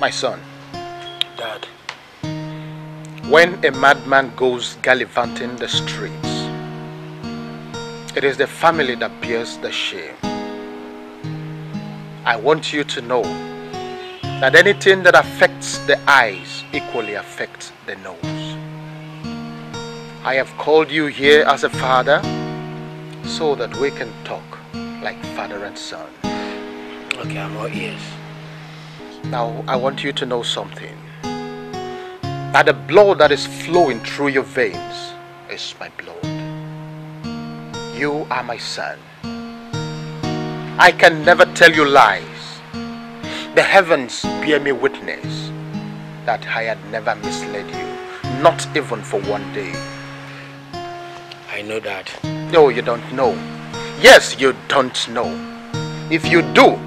My son. Dad. When a madman goes gallivanting the streets, it is the family that bears the shame. I want you to know that anything that affects the eyes equally affects the nose. I have called you here as a father so that we can talk like father and son. Okay, I'm all ears. Now, I want you to know something. That the blood that is flowing through your veins is my blood. You are my son. I can never tell you lies. The heavens bear me witness that I had never misled you, not even for one day. I know that. No, you don't know. Yes, you don't know. If you do,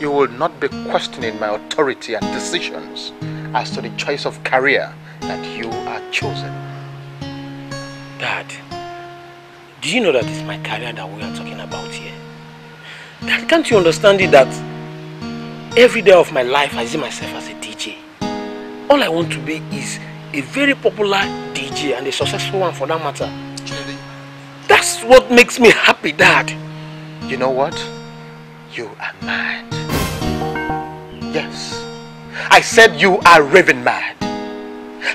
you will not be questioning my authority and decisions as to the choice of career that you are chosen. Dad, do you know that it's my career that we are talking about here? Dad, can't you understand it that every day of my life I see myself as a DJ? All I want to be is a very popular DJ and a successful one for that matter. That's what makes me happy, Dad. You know what? You are mad. Yes. I said you are raving mad.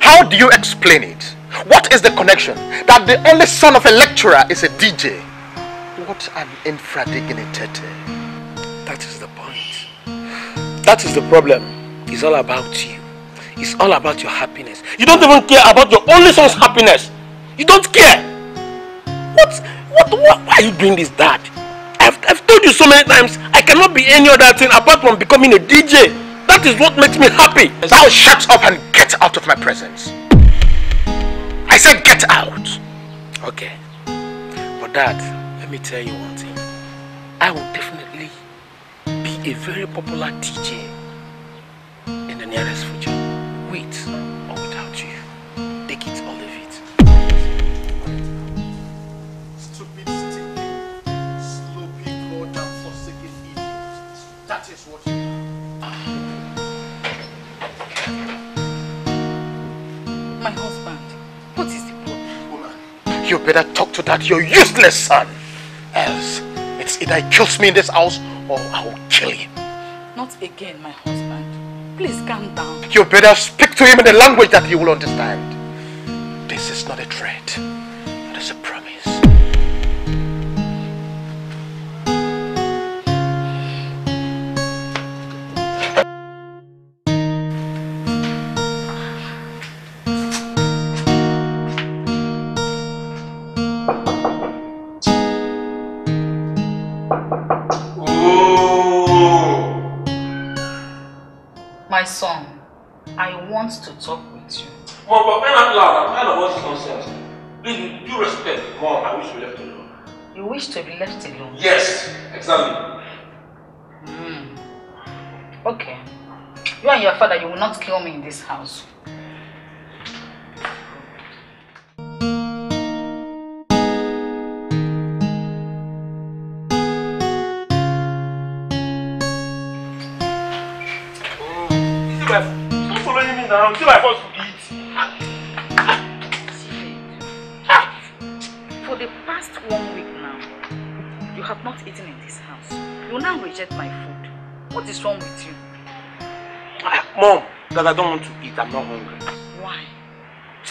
How do you explain it? What is the connection that the only son of a lecturer is a DJ? What an infradignitete. That is the point. That is the problem. It's all about you. It's all about your happiness. You don't even care about your only son's happiness. You don't care. What? What? what why are you doing this, Dad? I've told you so many times, I cannot be any other thing apart from becoming a DJ. That is what makes me happy. Now shut up and get out of my presence. I said get out. Okay. But dad, let me tell you one thing. I will definitely be a very popular DJ in the nearest future. With or without you. Take it all that is what My husband, what is the problem? Woman, you better talk to that your useless son. Else, it's either he kills me in this house or I'll kill him. Not again, my husband. Please calm down. You better speak to him in a language that he will understand. This is not a threat. It is a problem. left alone. Yes, exactly. Mm. Okay. You and your father, you will not kill me in this house. That I don't want to eat. I'm not hungry. Why?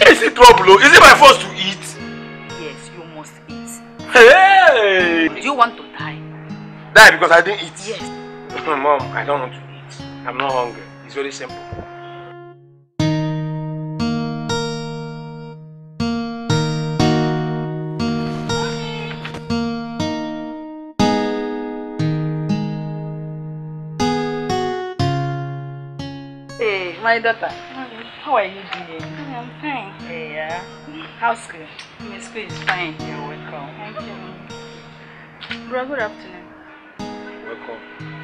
Is it trouble? Oh. Is it my force to eat? Yes, you must eat. Hey! Do you want to die? Die because I didn't eat? Yes. Mom, I don't want to eat. I'm not hungry. It's very simple. my daughter? Mommy. How are you doing? I'm fine. Hey, yeah. Uh, how's school? My mm. school is fine. You're welcome. Thank you. Bro, good afternoon. Welcome.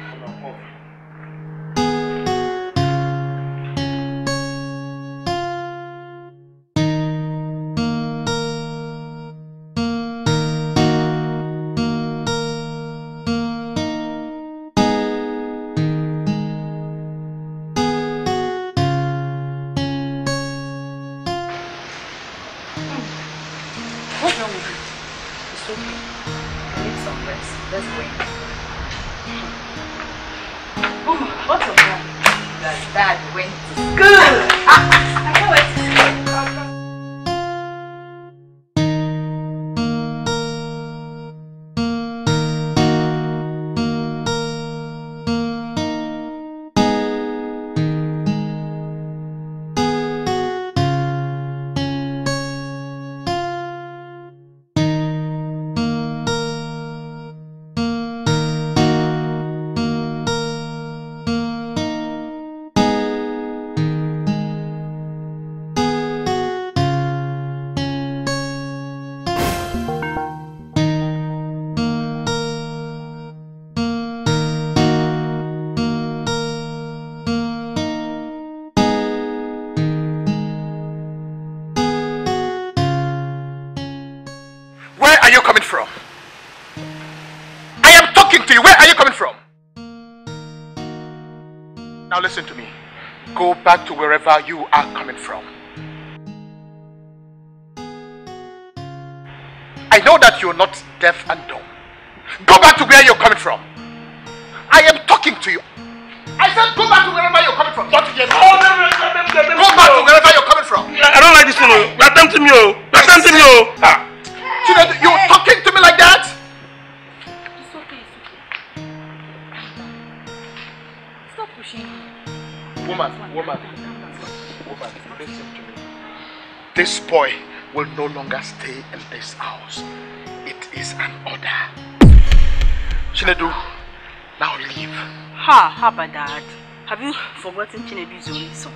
bad wind. are you coming from? I am talking to you. Where are you coming from? Now listen to me. Go back to wherever you are coming from. I know that you're not deaf and dumb. Go back to where you're coming from. I am talking to you. I said go back to wherever you're coming from. Don't you hear me? go back to wherever you're coming from. I don't like this one. Oh. You're tempting me. Oh. You're tempting me. Oh. Ah you know, hey, you're talking to me like that? It's okay, it's okay. Stop pushing. Woman, woman, woman, listen to me. This boy will no longer stay in this house. It is an order. Chinedu, now leave. Ha, how about that? Have you forgotten Chinedu's only son?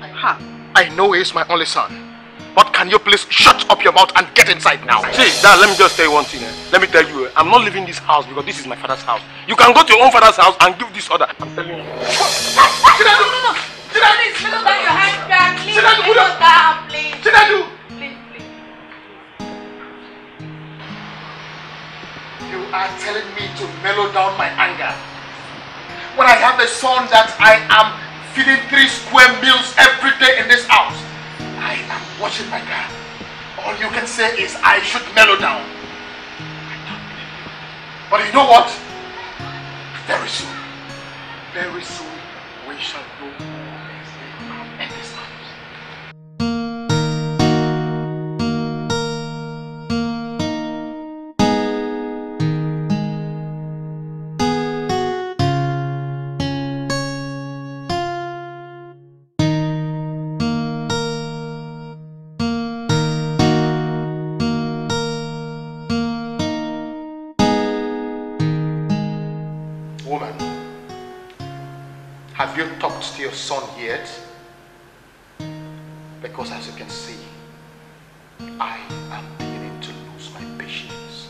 Ha. I know he's my only son. But can you please shut up your mouth and get inside now? See, Dad, let me just tell you one thing. Eh? Let me tell you, eh, I'm not leaving this house because this is my father's house. You can go to your own father's house and give this order. I'm telling you. Chinadu! No, no, no. Chinadu! Please, put down your Please, down, please. Please, please. You are telling me to mellow down my anger. When I have a son that I am feeding three square meals every day in this house. I am watching my girl. All you can say is I should mellow down. But you know what? Very soon, very soon, we shall know your son yet. Because as you can see, I am beginning to lose my patience.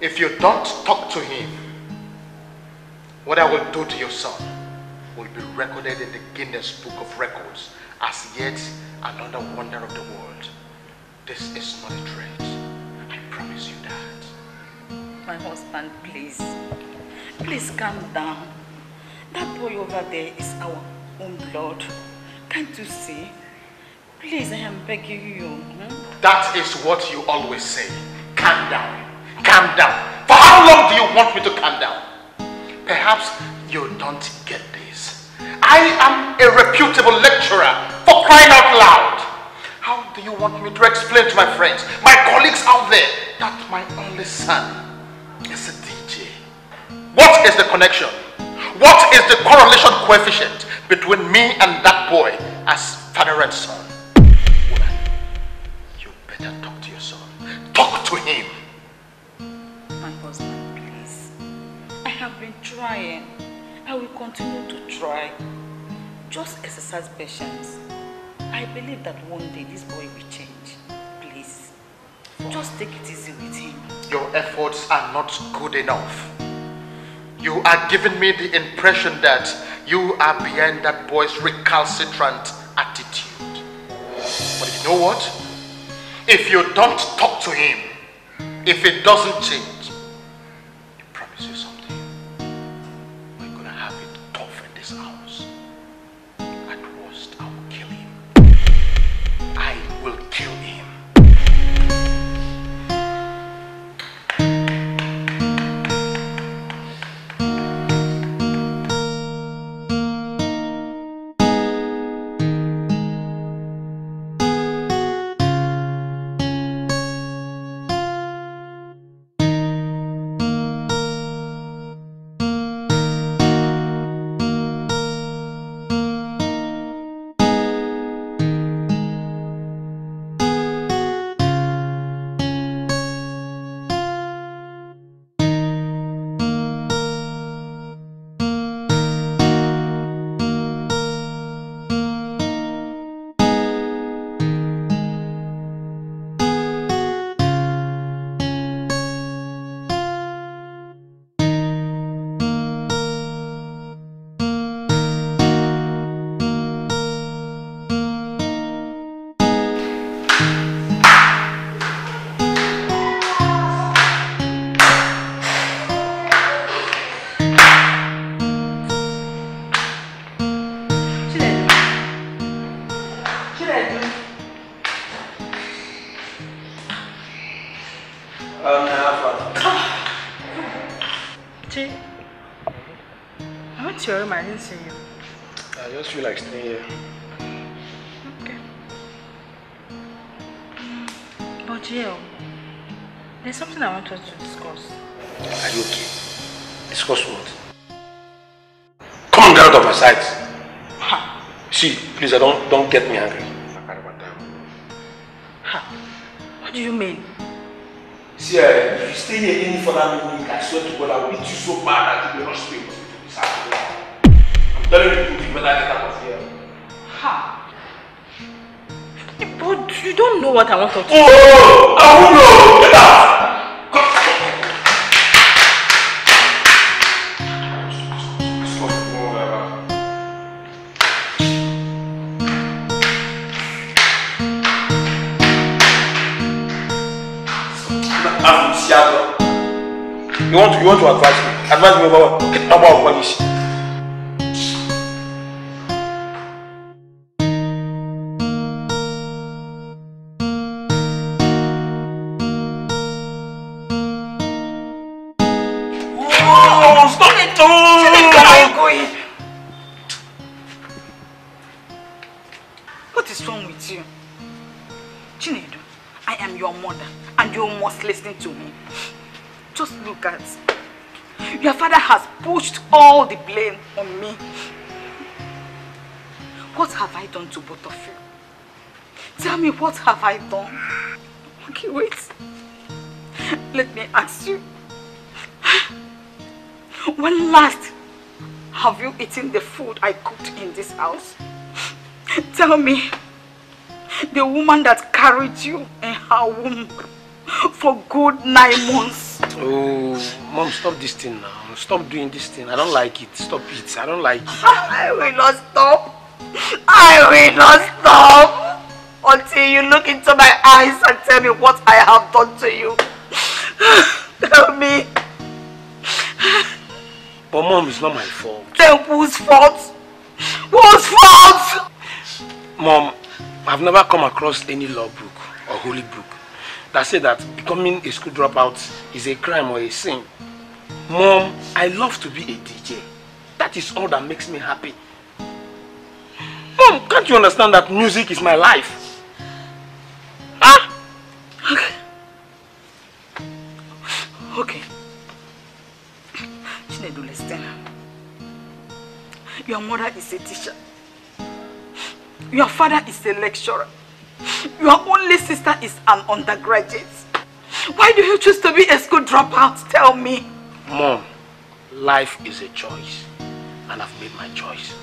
If you don't talk to him, what I will do to your son will be recorded in the Guinness Book of Records as yet another wonder of the world. This is not a threat. I promise you that. My husband, please. Please calm down. That boy over there is our own blood. Can't you see? Please, I am begging you. Hmm? That is what you always say. Calm down. Calm down. For how long do you want me to calm down? Perhaps you don't get this. I am a reputable lecturer for crying out loud. How do you want me to explain to my friends, my colleagues out there, that my only son is a DJ? What is the connection? What is the correlation coefficient between me and that boy as father and son? Woman, you better talk to your son. Talk to him. My husband, please. I have been trying. I will continue to try. Just exercise patience. I believe that one day this boy will change. Please, just take it easy with him. Your efforts are not good enough. You are giving me the impression that you are behind that boy's recalcitrant attitude. But you know what? If you don't talk to him, if it doesn't change, dẹ̀ dùn. ọ̀nà àfà. Jay, I went to your room. I didn't see you. I just feel like staying here. Okay. But Jill, there's something I want us to discuss. Are you okay? Discuss what? Come on, get out of my sight. See, please, I don't don't get me angry. here, eh, if you stay here any further minute, I swear to God, I'll beat you so bad that you will not stay I'm telling you, you better get out of here. Ha! But you don't know what I want to do. Oh, I will know! Get out! want to advise me advise me about what about what is Tell me, what have I done? Okay, wait. Let me ask you. When last have you eaten the food I cooked in this house? Tell me, the woman that carried you in her womb for good nine months. Oh, mom, stop this thing now. Stop doing this thing. I don't like it. Stop it. I don't like it. I will not stop. I will not stop until you look into my eyes and tell me what I have done to you. tell me. But mom, it's not my fault. Then whose fault? Whose fault? Mom, I've never come across any law book or holy book that say that becoming a school dropout is a crime or a sin. Mom, I love to be a DJ. That is all that makes me happy. Mom, can't you understand that music is my life? Your mother is a teacher. Your father is a lecturer. Your only sister is an undergraduate. Why do you choose to be a school dropout? Tell me. Mom, life is a choice. And I've made my choice.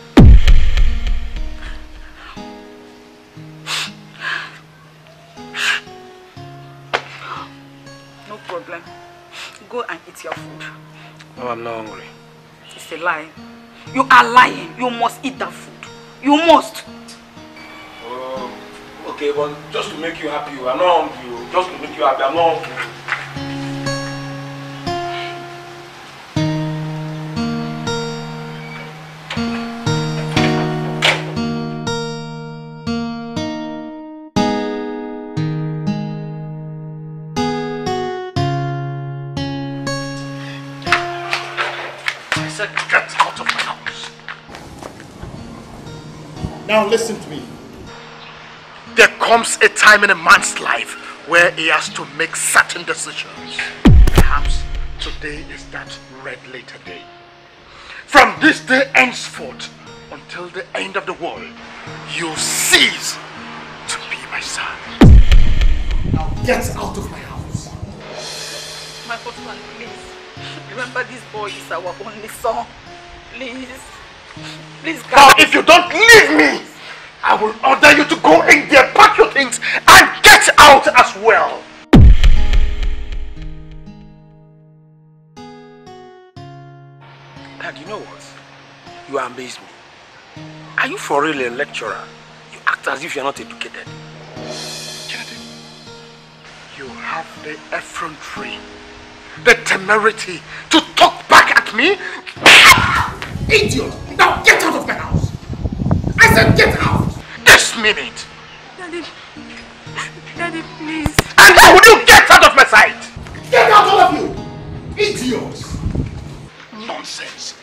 No problem. Go and eat your food. No, I'm not hungry. It's a lie. You are lying. You must eat that food. You must. Um, okay, but just to make you happy, I'm not hungry. Oh. Just to make you happy, I'm not hungry. Now listen to me. There comes a time in a man's life where he has to make certain decisions. Perhaps today is that red letter day. From this day henceforth until the end of the world, you cease to be my son. Now get out of my house. My husband, please. Remember this boy is our only son. Please. Please, Now if you don't leave me, I will order you to go in there, pack your things, and get out as well. Dad, you know what? You amaze me. Are you for real a lecturer? You act as if you're not educated. Kennedy, you have the effrontery, the temerity to talk back at me? Idiot! Now get out of my house! I said get out! minute. Daddy, Daddy, please. And then will you get out of my sight? Get out, all of you! Idiots! Nonsense.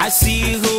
I see who.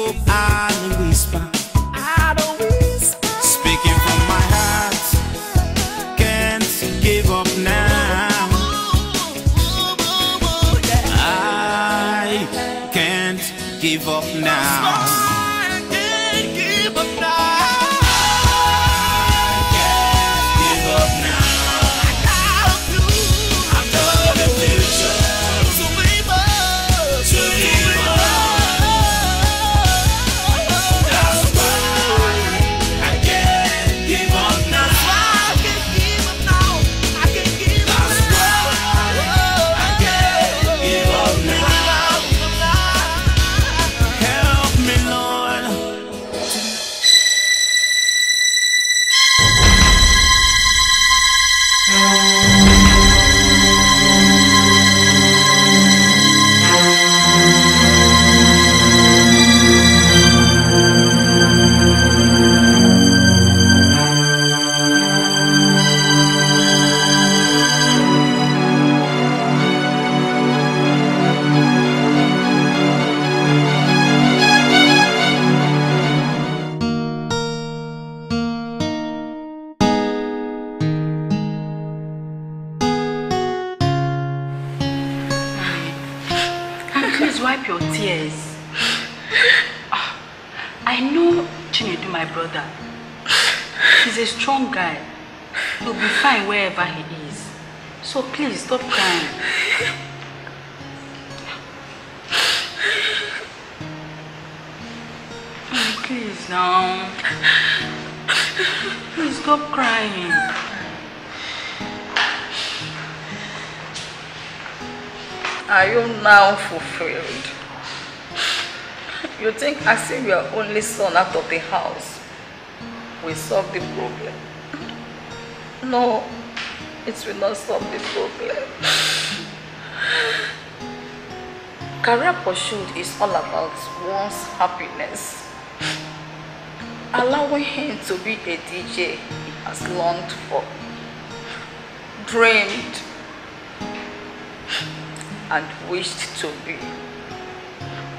Please now. Please stop crying. Are you now fulfilled? You think I see, your are only son out of the house We solve the problem. No, it will not solve the problem. Career pursuit is all about one's happiness. allowing him to be a DJ he has longed for, dreamed, and wished to be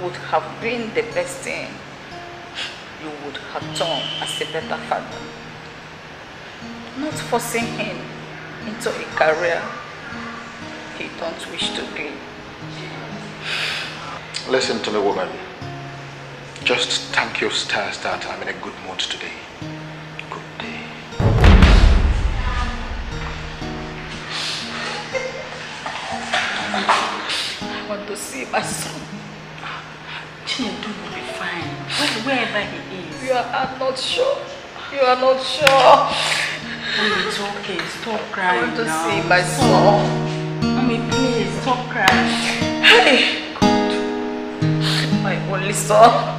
would have been the best thing you would have done as a better father. Not forcing him into a career he don't wish to be. Listen to me, woman. Just thank your stars that I'm in a good mood today. Good day. I want to see my son. Chinedu will be fine. wherever he is. You are not sure. You are not sure. Mommy, it's okay. Stop crying I want to now. see my son. Mommy, please, stop crying. Hey! God. My only son.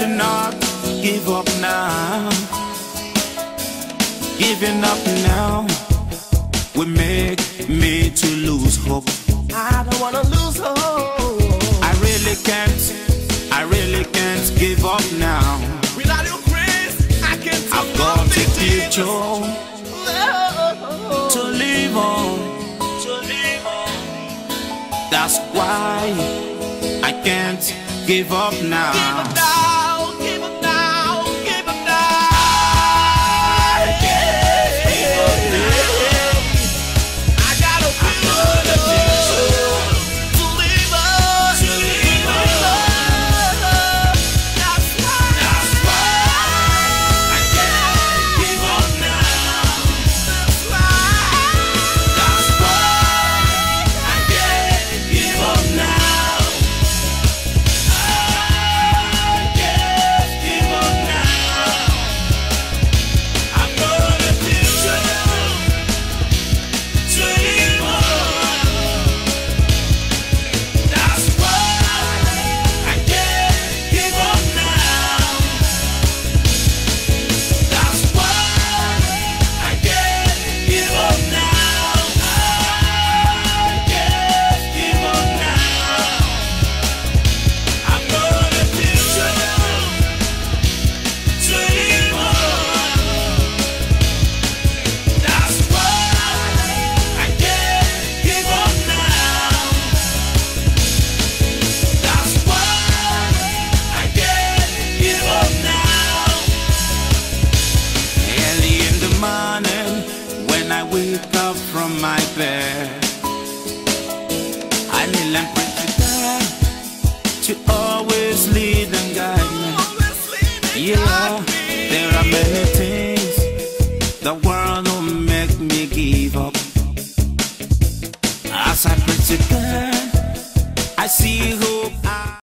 to not give up now. Giving up now would make me to lose hope. I don't wanna lose hope. I really can't, I really can't give up now. Without your grace, I can't. I've got a future oh. to live on. To live on. That's why I can't give up now. Give up now.